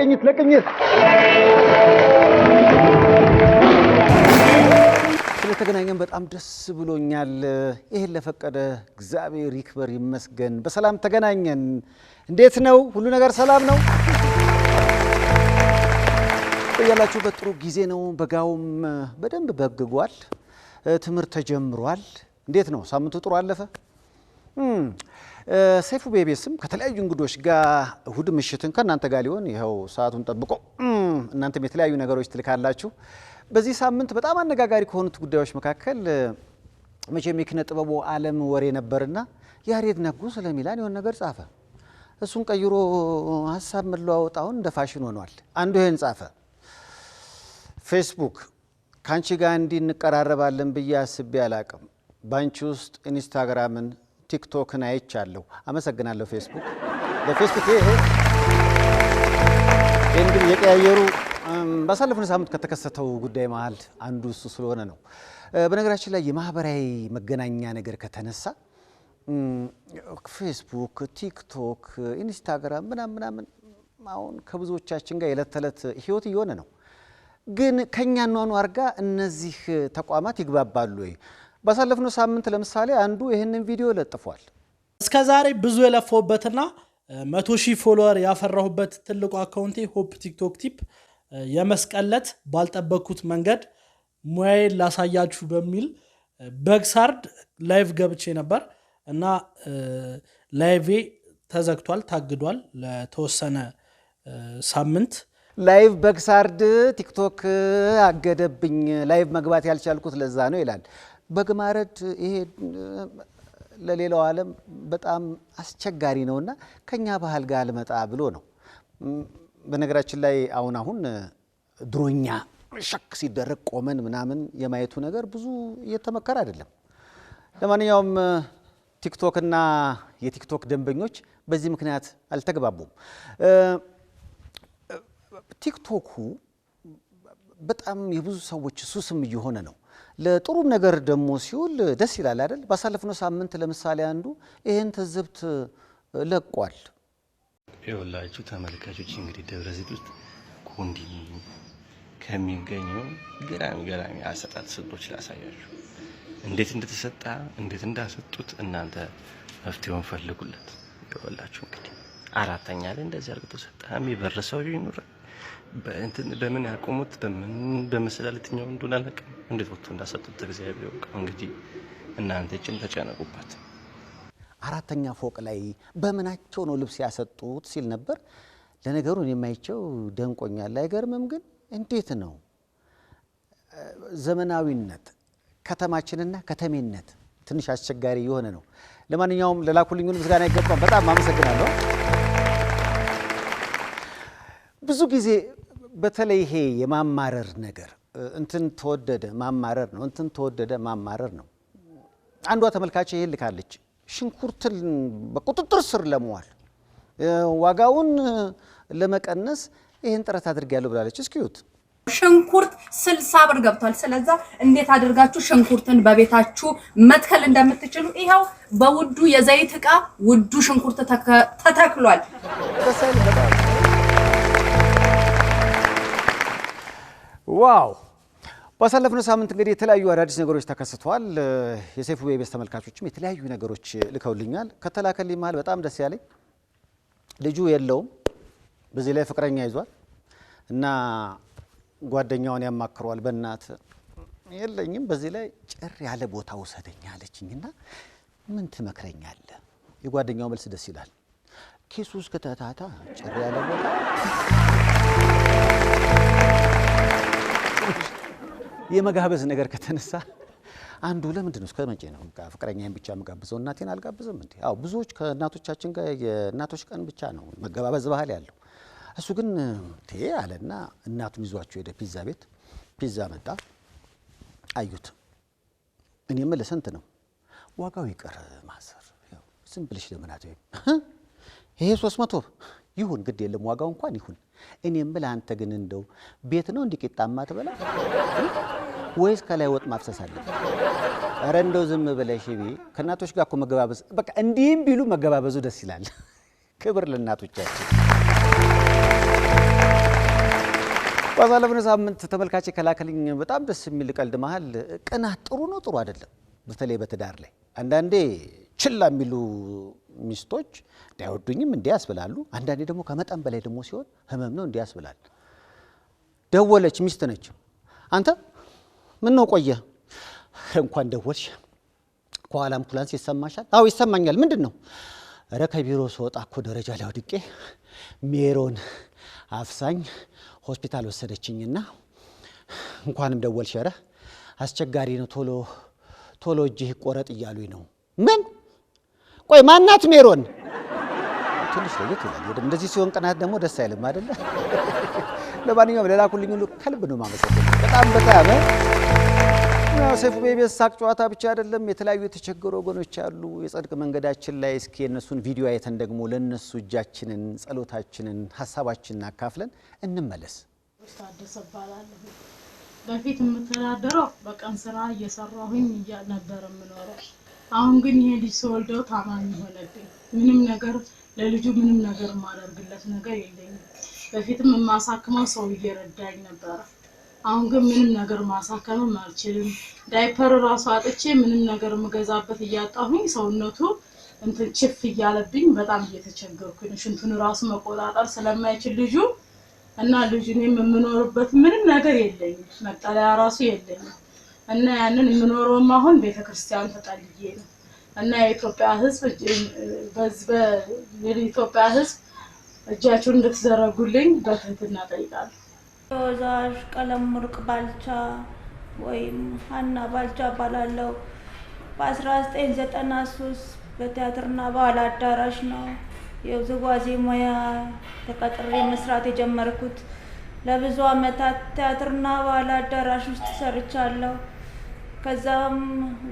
ለቅኝት ለቅኝት ስለተገናኘን በጣም ደስ ብሎኛል። ይህን ለፈቀደ እግዚአብሔር ይክበር ይመስገን። በሰላም ተገናኘን። እንዴት ነው? ሁሉ ነገር ሰላም ነው? እያላችሁ ጥሩ ጊዜ ነው። በጋውም በደንብ በግጓል። ትምህርት ተጀምሯል። እንዴት ነው? ሳምንቱ ጥሩ አለፈ? ሰይፉ ቤቤስም ከተለያዩ እንግዶች ጋር እሁድ ምሽትን ከእናንተ ጋር ሊሆን ይኸው ሰዓቱን ጠብቆ እናንተም የተለያዩ ነገሮች ትልካላችሁ። በዚህ ሳምንት በጣም አነጋጋሪ ከሆኑት ጉዳዮች መካከል መቼም የኪነ ጥበቡ ዓለም ወሬ ነበርና ያሬድ ነጉ ስለ ሚላን የሆነ ነገር ጻፈ። እሱን ቀይሮ ሀሳብ መለዋወጥ አሁን እንደ ፋሽን ሆኗል። አንዱ ይህን ጻፈ። ፌስቡክ ከአንቺ ጋር እንዲህ እንቀራረባለን ብዬ አስቤ አላቅም። በአንቺ ውስጥ ኢንስታግራምን ቲክቶክን አይቻለሁ። አመሰግናለሁ። ፌስቡክ በፌስቡክ ይሄ እንግዲህ የቀያየሩ ባሳለፍነው ሳምንት ከተከሰተው ጉዳይ መሀል አንዱ እሱ ስለሆነ ነው። በነገራችን ላይ የማህበራዊ መገናኛ ነገር ከተነሳ ፌስቡክ፣ ቲክቶክ፣ ኢንስታግራም ምናምን ምናምን አሁን ከብዙዎቻችን ጋር የዕለት ተዕለት ህይወት እየሆነ ነው። ግን ከእኛ ኗኗር ጋር እነዚህ ተቋማት ይግባባሉ ወይ? ባሳለፍነው ሳምንት ለምሳሌ አንዱ ይህንን ቪዲዮ ለጥፏል። እስከ ዛሬ ብዙ የለፈውበትና መቶ ሺህ ፎሎወር ያፈራሁበት ትልቁ አካውንቴ ሆፕ ቲክቶክ ቲፕ የመስቀለት ባልጠበኩት መንገድ ሙያዬን ላሳያችሁ በሚል በግሳርድ ላይቭ ገብቼ ነበር እና ላይቬ ተዘግቷል፣ ታግዷል ለተወሰነ ሳምንት። ላይቭ በግሳርድ ቲክቶክ አገደብኝ፣ ላይቭ መግባት ያልቻልኩት ለዛ ነው ይላል። በግ ማረድ ይሄ ለሌላው ዓለም በጣም አስቸጋሪ ነውና ከኛ ባህል ጋር አልመጣ ብሎ ነው። በነገራችን ላይ አሁን አሁን ድሮኛ ሸክ ሲደረግ ቆመን ምናምን የማየቱ ነገር ብዙ እየተመከረ አይደለም። ለማንኛውም ቲክቶክና የቲክቶክ ደንበኞች በዚህ ምክንያት አልተግባቡም። ቲክቶኩ በጣም የብዙ ሰዎች ሱስም እየሆነ ነው። ለጥሩም ነገር ደግሞ ሲውል ደስ ይላል አይደል? ባሳለፍነው ሳምንት ለምሳሌ አንዱ ይህን ትዝብት ለቋል። ይኸውላችሁ ተመልካቾች እንግዲህ ደብረ ዘይት ውስጥ ኮንዶሚኒየም ከሚገኘው ገራሚ ገራሚ አሰጣጥ ስልቶች ላሳያችሁ። እንዴት እንደተሰጣ እንዴት እንዳሰጡት እናንተ መፍትሄውን ፈልጉለት። ይኸውላችሁ እንግዲህ አራተኛ ላይ እንደዚህ አርግቶ ተሰጣ። የሚበር ሰው ይኑራል በእንትን በምን ያቆሙት በምን በመሰላለትኛው እንደሆነ አላውቅም። እንዴት ወጥቶ እንዳሰጡት እግዚአብሔር ያውቀው። እንግዲህ እናንተ ጭም ተጨነቁበት። አራተኛ ፎቅ ላይ በምናቸው ነው ልብስ ያሰጡት ሲል ነበር። ለነገሩ የማይቸው ደንቆኛል። አይገርምም ግን እንዴት ነው ዘመናዊነት ከተማችንና ከተሜነት ትንሽ አስቸጋሪ የሆነ ነው። ለማንኛውም ለላኩልኝ ምስጋና ይገባል። በጣም አመሰግናለሁ። ብዙ ጊዜ በተለይ ይሄ የማማረር ነገር እንትን ተወደደ ማማረር ነው፣ እንትን ተወደደ ማማረር ነው። አንዷ ተመልካች ይሄ ልካለች፣ ሽንኩርትን በቁጥጥር ስር ለመዋል ዋጋውን ለመቀነስ ይህን ጥረት አድርጊያለሁ ብላለች። እስኪዩት። ሽንኩርት ስልሳ ብር ገብቷል። ስለዛ እንዴት አድርጋችሁ ሽንኩርትን በቤታችሁ መትከል እንደምትችሉ ይኸው በውዱ የዘይት ዕቃ ውዱ ሽንኩርት ተተክሏል። ዋው ባሳለፍነው ሳምንት እንግዲህ የተለያዩ አዳዲስ ነገሮች ተከስተዋል። የሰይፉ ቤቤስ ተመልካቾችም የተለያዩ ነገሮች ልከውልኛል። ከተላከልኝ መሀል በጣም ደስ ያለኝ ልጁ የለውም፣ በዚህ ላይ ፍቅረኛ ይዟል እና ጓደኛውን ያማክሯል። በእናት የለኝም፣ በዚህ ላይ ጭር ያለ ቦታ ውሰደኝ አለችኝ እና ምን ትመክረኛለ? የጓደኛው መልስ ደስ ይላል። ኪሱ እስከ ተታታ ጭር ያለ ቦታ የመጋበዝ ነገር ከተነሳ አንዱ ለምንድን ነው እስከ መቼ ነው ፍቅረኛዬን ብቻ የምጋብዘው እናቴን አልጋብዝም እንዴ? አዎ ብዙዎች ከእናቶቻችን ጋር የእናቶች ቀን ብቻ ነው መገባበዝ ባህል ያለው። እሱ ግን ቴ አለና እናቱን ይዟቸው ሄደ ፒዛ ቤት። ፒዛ መጣ አዩት። እኔም ለስንት ነው ዋጋው ይቅር ማሰር ዝም ብልሽ ለምናት ወይም ይሄ ሶስት መቶ ይሁን ግድ የለም ዋጋው እንኳን ይሁን። እኔም ብለህ አንተ ግን እንደው ቤት ነው እንዲህ ማትበላ ወይስ ከላይ ወጥ ማፍሰስ አለ? ኧረ እንደው ዝም ብለሽ ሽቤ ከእናቶች ጋር እኮ መገባበዝ በቃ እንዲህም ቢሉ መገባበዙ ደስ ይላል። ክብር ለእናቶቻችን። ባሳለፍነው ሳምንት ተመልካቼ ከላከልኝ በጣም ደስ የሚል ቀልድ መሀል ቅናት ጥሩ ነው ጥሩ አይደለም፣ በተለይ በትዳር ላይ አንዳንዴ ችላ የሚሉ ሚስቶች እንዳይወዱኝም እንዲህ ያስብላሉ። አንዳንዴ ደግሞ ከመጠን በላይ ደግሞ ሲሆን ህመም ነው እንዲህ ያስብላል። ደወለች፣ ሚስት ነች። አንተ ምን ነው ቆየ፣ እንኳን ደወልሽ። ከኋላ አምቡላንስ ይሰማሻል? አዎ ይሰማኛል። ምንድን ነው? ኧረ ከቢሮ ስወጣ እኮ ደረጃ ላይ ወድቄ ሜሮን አፍሳኝ ሆስፒታል ወሰደችኝና እንኳንም ደወልሽ። ኧረ አስቸጋሪ ነው፣ ቶሎ ቶሎ እጅህ ይቆረጥ እያሉኝ ነው። ምን ቆይ ማናት ሜሮን? ትንሽ ለየት ይላል። እንደዚህ ሲሆን ቅናት ደግሞ ደስ አይልም አይደለ? ለማንኛውም ለላኩልኝ ሁሉ ከልብ ነው የማመሰግነው። በጣም በጣም ሰይፉ ቤቤስ ሳቅ ጨዋታ ብቻ አይደለም። የተለያዩ የተቸገሩ ወገኖች አሉ። የጽድቅ መንገዳችን ላይ እስኪ የእነሱን ቪዲዮ አይተን ደግሞ ለእነሱ እጃችንን፣ ጸሎታችንን፣ ሀሳባችንን አካፍለን እንመለስ። ታደሰ እባላለሁ። በፊት የምተዳደረው በቀን ስራ እየሰራሁኝ ነበር የምኖረው አሁን ግን ይሄ ልጅ ስወልደው ታማኝ ሆነብኝ። ምንም ነገር ለልጁ ምንም ነገር የማደርግለት ነገር የለኝም። በፊትም የማሳክመው ሰው እየረዳኝ ነበረ። አሁን ግን ምንም ነገር ማሳከምም አልችልም። ዳይፐር እራሱ አጥቼ ምንም ነገር የምገዛበት እያጣሁኝ ሰውነቱ እንትን ችፍ እያለብኝ በጣም እየተቸገርኩኝ ሽንቱን እራሱ መቆጣጠር ስለማይችል ልጁ እና ልጁ እኔም የምኖርበት ምንም ነገር የለኝም። መጠለያ ራሱ የለኝም። እና ያንን የምኖረውም አሁን ቤተክርስቲያን ተጠልዬ ነው እና የኢትዮጵያ ሕዝብ የኢትዮጵያ ሕዝብ እጃችሁን እንድትዘረጉልኝ በትህትና ጠይቃለሁ። ተወዛዋዥ ቀለም ሙርቅ ባልቻ ወይም ሀና ባልቻ እባላለሁ። በ1993 በቲያትርና ባህል አዳራሽ ነው የውዝዋዜ ሙያ ተቀጥሬ መስራት የጀመርኩት። ለብዙ አመታት ቲያትርና ባህል አዳራሽ ውስጥ ሰርቻለሁ። ከዛም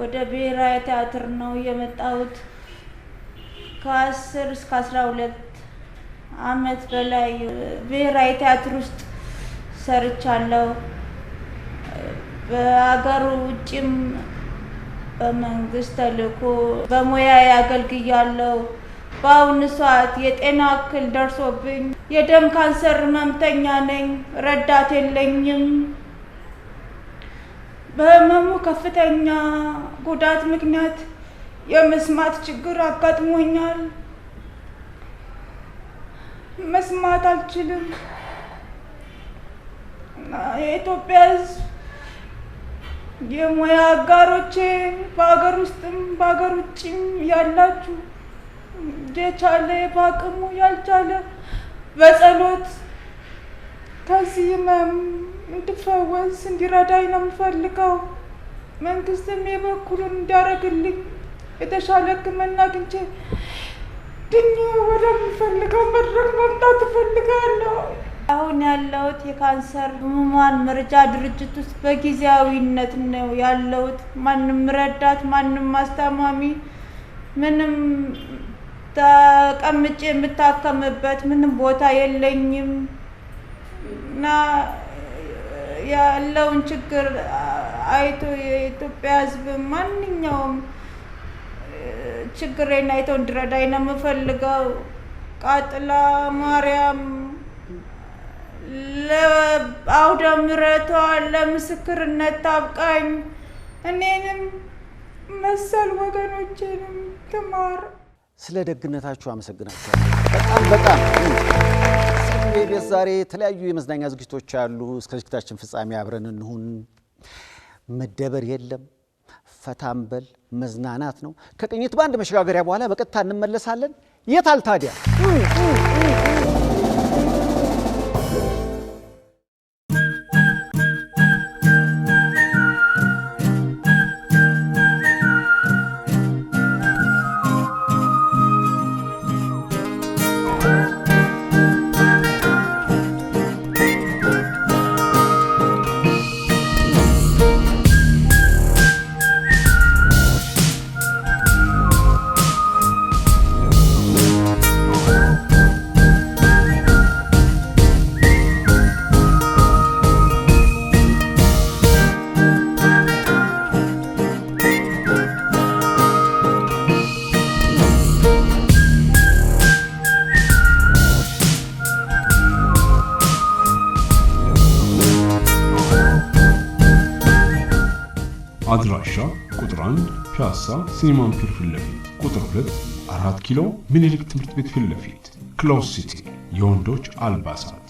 ወደ ብሔራዊ ቲያትር ነው የመጣሁት። ከአስር እስከ አስራ ሁለት አመት በላይ ብሔራዊ ቲያትር ውስጥ ሰርቻለሁ። በሀገር ውጭም በመንግስት ተልእኮ በሙያ አገልግያለሁ። በአሁኑ ሰዓት የጤና እክል ደርሶብኝ የደም ካንሰር ህመምተኛ ነኝ። ረዳት የለኝም። በህመሙ ከፍተኛ ጉዳት ምክንያት የመስማት ችግር አጋጥሞኛል። መስማት አልችልም። የኢትዮጵያ ሕዝብ የሙያ አጋሮቼ በሀገር ውስጥም በሀገር ውጭም ያላችሁ የቻለ በአቅሙ ያልቻለ በጸሎት ከዚህ ህመም እንድፈወስ እንዲረዳኝ ነው የምፈልገው። መንግስትም የበኩሉን እንዲያደርግልኝ የተሻለ ሕክምና አግኝቼ ድኜ ወደምፈልገው መድረክ መምጣት እፈልጋለሁ። አሁን ያለሁት የካንሰር ህሙማን መርጃ ድርጅት ውስጥ በጊዜያዊነት ነው ያለሁት። ማንም ረዳት፣ ማንም ማስተማሚ ምንም ተቀምጬ የምታከምበት ምንም ቦታ የለኝም እና ያለውን ችግር አይቶ የኢትዮጵያ ሕዝብ ማንኛውም ችግሬን አይቶ እንዲረዳኝ ነው የምፈልገው። ቃጥላ ማርያም ለአውደ ምረቷ ለምስክርነት ታብቃኝ። እኔንም መሰል ወገኖቼንም ትማር። ስለ ደግነታችሁ አመሰግናችኋለሁ። በጣም በጣም ቤት ዛሬ የተለያዩ የመዝናኛ ዝግጅቶች አሉ። እስከ ዝግጅታችን ፍጻሜ አብረን እንሁን። መደበር የለም ፈታምበል መዝናናት ነው። ከቅኝት ባንድ መሸጋገሪያ በኋላ በቀጥታ እንመለሳለን። የታል ታዲያ? ፒያሳ ሲኒማን ፒር ፊት ለፊት፣ ቁጥር ሁለት አራት ኪሎ ምኒልክ ትምህርት ቤት ፊት ለፊት፣ ክሎዝ ሲቲ የወንዶች አልባሳት